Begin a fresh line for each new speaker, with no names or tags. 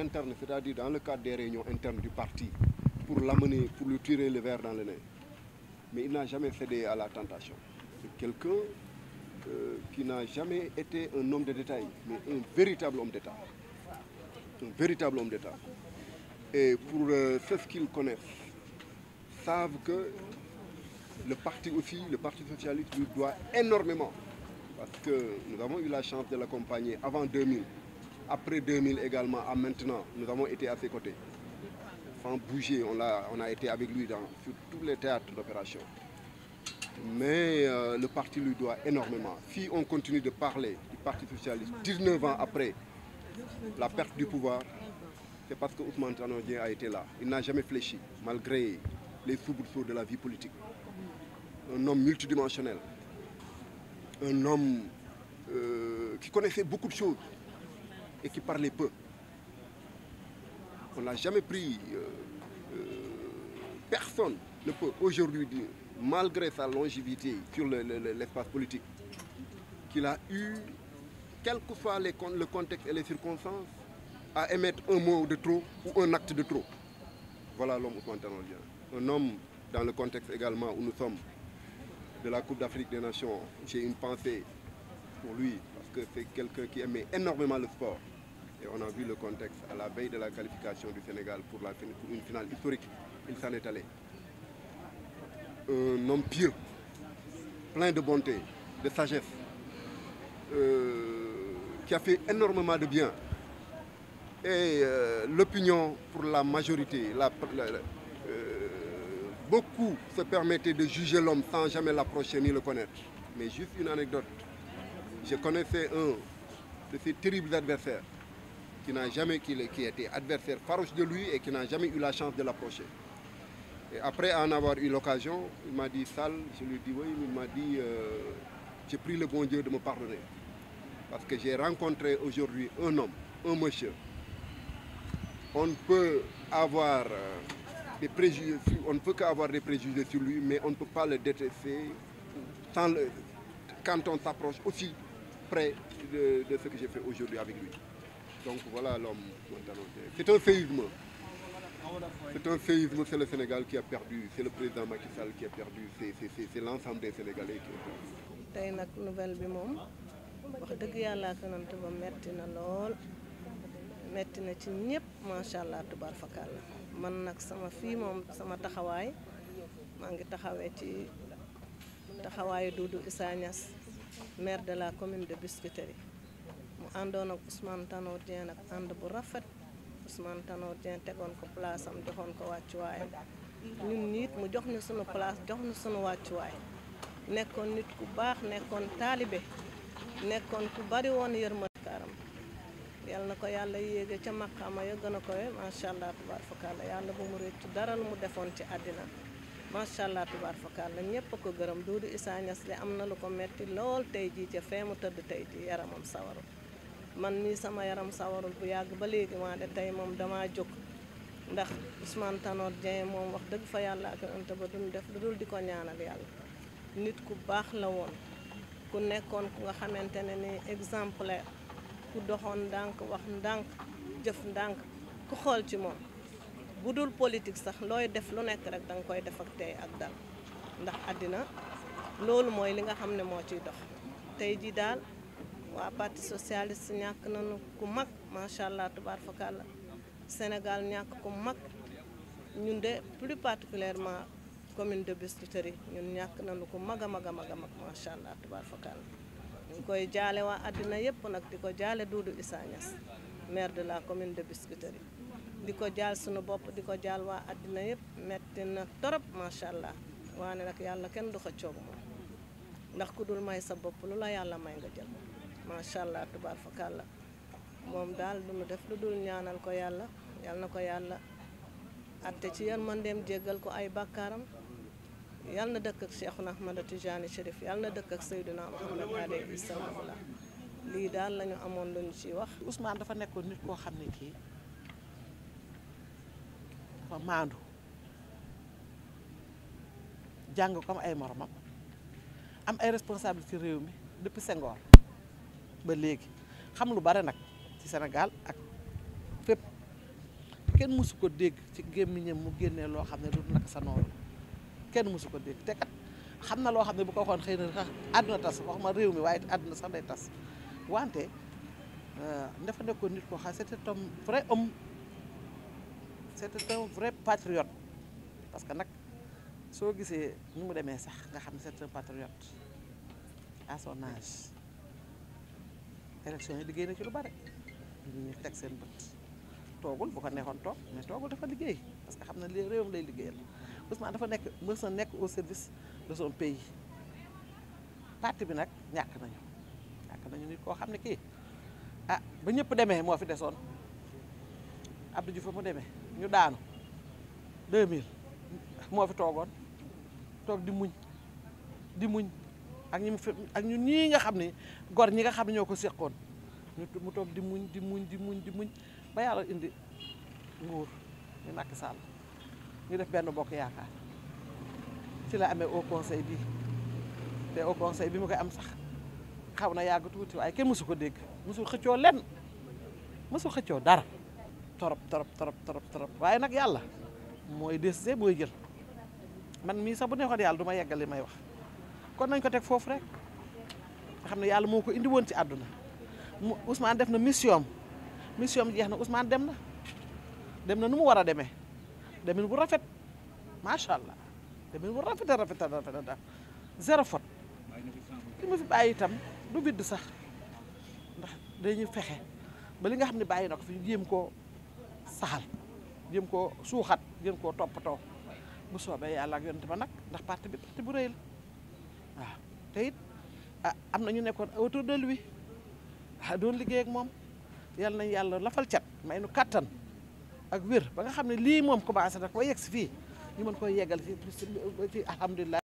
interne, c'est-à-dire dans le cadre des réunions internes du parti, pour l'amener, pour lui tirer le verre dans le nez. Mais il n'a jamais cédé à la tentation. C'est quelqu'un euh, qui n'a jamais été un homme de détail, mais un véritable homme d'État. Un véritable homme d'État. Et pour euh, ceux qui le connaissent, savent que le parti aussi, le Parti socialiste lui doit énormément. Parce que nous avons eu la chance de l'accompagner avant 2000 après 2000 également à maintenant, nous avons été à ses côtés. Sans Bouger, on a, on a été avec lui dans sur tous les théâtres d'opération. Mais euh, le parti lui doit énormément. Si on continue de parler du Parti Socialiste 19 ans après la perte du pouvoir, c'est parce que Ousmane Tanodien a été là. Il n'a jamais fléchi, malgré les soubresauts de la vie politique. Un homme multidimensionnel, un homme euh, qui connaissait beaucoup de choses, qui parlait peu. On n'a jamais pris euh, euh, personne ne peut aujourd'hui dire, malgré sa longévité sur l'espace politique, qu'il a eu, quel que soit le contexte et les circonstances, à émettre un mot de trop ou un acte de trop. Voilà l'homme Ousmane Tanolien. Un homme, dans le contexte également où nous sommes, de la Coupe d'Afrique des Nations, j'ai une pensée pour lui, parce que c'est quelqu'un qui aimait énormément le sport. Et on a vu le contexte à la veille de la qualification du Sénégal pour, une finale historique. Il s'en est allé. Un homme pire, plein de bonté, de sagesse, euh, qui a fait énormément de bien. Et euh, l'opinion pour la majorité, euh, beaucoup se permettaient de juger l'homme sans jamais l'approcher ni le connaître. Mais juste une anecdote. Je connaissais un de ses terribles adversaires qui n'a jamais qui, était adversaire farouche de lui et qui n'a jamais eu la chance de l'approcher. après en avoir eu l'occasion, il m'a dit sale », je lui ai dit oui, il m'a dit euh, j'ai pris le bon Dieu de me pardonner. Parce que j'ai rencontré aujourd'hui un homme, un monsieur. On peut avoir euh, des préjugés, on ne peut qu'avoir des préjugés sur lui, mais on ne peut pas le détester sans quand on s'approche aussi près de ce que j'ai fait aujourd'hui avec lui. Donc voilà l'homme C'est un séisme. C'est un séisme, c'est le Sénégal qui a perdu, c'est le président Macky Sall qui a perdu, c'est l'ensemble des Sénégalais qui ont perdu.
tey nag nouvelle bi moom wax dëgg yàlla ak yonent ba metti na lool metti na ci ñëpp macha allah tubaar fakal la man nag sama fii moom sama taxawaay maa ngi taxawee ci taxawaayu Doudou Issa Niass maire de la commune de Biscuiterie àndoon ak Ousmane Tanor Dieng ànd bu rafet Ousmane Tanor tegoon ko place am joxoon ko wàccuwaayam ñun nit mu jox ñu sunu palaas jox ñu sunu wàccuwaay nekkoon nit ku baax nekkoon taalibe nekkoon ku bari woon yërmande kaaram yàlla na ko yàlla yéege ca maqaama ya gën a ko macha allah tubaar fakalla yàlla bu mu réccu dara la mu defoon ci àddina macha allah tubaar fakalla ñépp a ko gërëm Doudou Issa Niass am na lu ko metti lool tey jii ca fee mu tëdd tey jii yaramam man mii sama yaram sawarul bu yàgg ba léegi maa de tey moom dama jóg ndax Ousmane Tanor Dieng moom wax dëgg fa yàlla ak anta ba duñ def lu dul di ko ñaanal yàlla nit ku baax la woon ku nekkoon ku nga xamante ne ni exemplaire ku doxoon ndànk wax ndànk jëf ndànk ku xool ci moom bu dul politik sax looy def lu nekk rek da nga koy def ak tey ak dal ndax àddina loolu mooy li nga xam ne moo ciy dox tey ji daal waa parti socialiste ñàkk nañu ku mag macha allah tubaar fakàlla Sénégal ñàkk ku mag ñun de plus particulièrement commune de Biscuiterie ñun ñàkk nañu ku mag a mag a mag a macha allah tubaar fakàlla ñu koy jaale waa àddina yëpp nag di ko jaale Doudou Issa Niass maire de la commune de Biscuiterie di ko jaal suñu bopp di ko jaal waa àddina yëpp metti na torop macha allah waane nag yàlla kenn du ko coob moom ndax ku dul may sa bopp lu la yàlla may nga jël macha allah tubaar fakàlla moom daal du nu def lu dul ñaanal ko yàlla yàlla na ko yàlla atte ci man dem jéggal ko ay bàkkaaram yal na dëkk ak Cheikhuna Ahmada Tijani Chérif yal na dëkk ak Seydina Muhammad alayhi salaam lii daal lañu ñu amoon lu ci wax. Ousmane dafa nekkoon nit koo xam ne
kii dafa maandu jàng comme ay moromam am ay responsabilité réew mi depuis Senghor. ba léegi xam lu bare nag ci Sénégal ak fépp kenn mësu ko dégg ci gémmiñam mu génnee loo xam ne du naka sa noonu kenn mësu ko dégg te kat xam na loo xam ne bu ko waxoon xëy na àdduna tas ma réew mi waaye àdduna sax day tas wante euh, dafa nekkoon nit ko xam c'était un vrai homme c'était un vrai patriote parce que nag soo gisee ni mu demee sax nga xam ne c'est un patriote assonage élection yi liggéey na ci lu bare ñu teg seen bët toogul bu ko neexoon toog mais toogul dafa liggéey parce que xam na li réewam lay liggéeyal Ousmane dafa nekk mës sa nekk au service de son pays parti bi nag ñàkk nañu ñàkk nañu nit koo xam ne kii ah ba ñëpp demee moo fi desoon Abdou fa mu demee ñu daanu 2000 moo fi toogoon toog di muñ di muñ ak ñi mu fi ak ñun ñii nga xam ne gor ñi nga xam ne ñoo ko seqoon ñu mu toog di muñ di muñ di muñ di muñ ba yàlla indi nguur ñu Macky Sall ñu def benn bokk yaakaar ci la amee au conseil bi te au conseil bi mu koy am sax xaw na yàgg tuuti waaye kenn mësu ko dégg mësul xëccoo lenn mësul xëccoo dara torop torop torop torop torop waaye nag yàlla mooy décider mooy jël man mii sax bu neexoon yàlla du ma yeggal li may wax kon nañ ko teg foofu rek xam ne yàlla moo ko indi woon ci àdduna mu Ousmane def na mission mission jeex na Ousmane dem na dem na nu mu war a demee demin bu rafet macha allah demin bu rafet a rafet a rafet a zéro mu fi bàyyi itam du bidd sax ndax dañuy fexe ba li nga xam ne bàyyi na ko fi ñu jéem koo saxal jéem koo suuxat jéem koo toppatoo bu soobee yàlla ak yonent ba nag ndax parti bi parti bu rëy waaw ah, te it ah, am na ñu nekkoon a autour de wi a ah, doon liggéey ak moom yal nañ yàlla lafal cat may nu kàttan ak wér ba nga xam ne lii moom commencé na ko yegg si fii ñu mën koy yeggal ci ci alhamdulilah.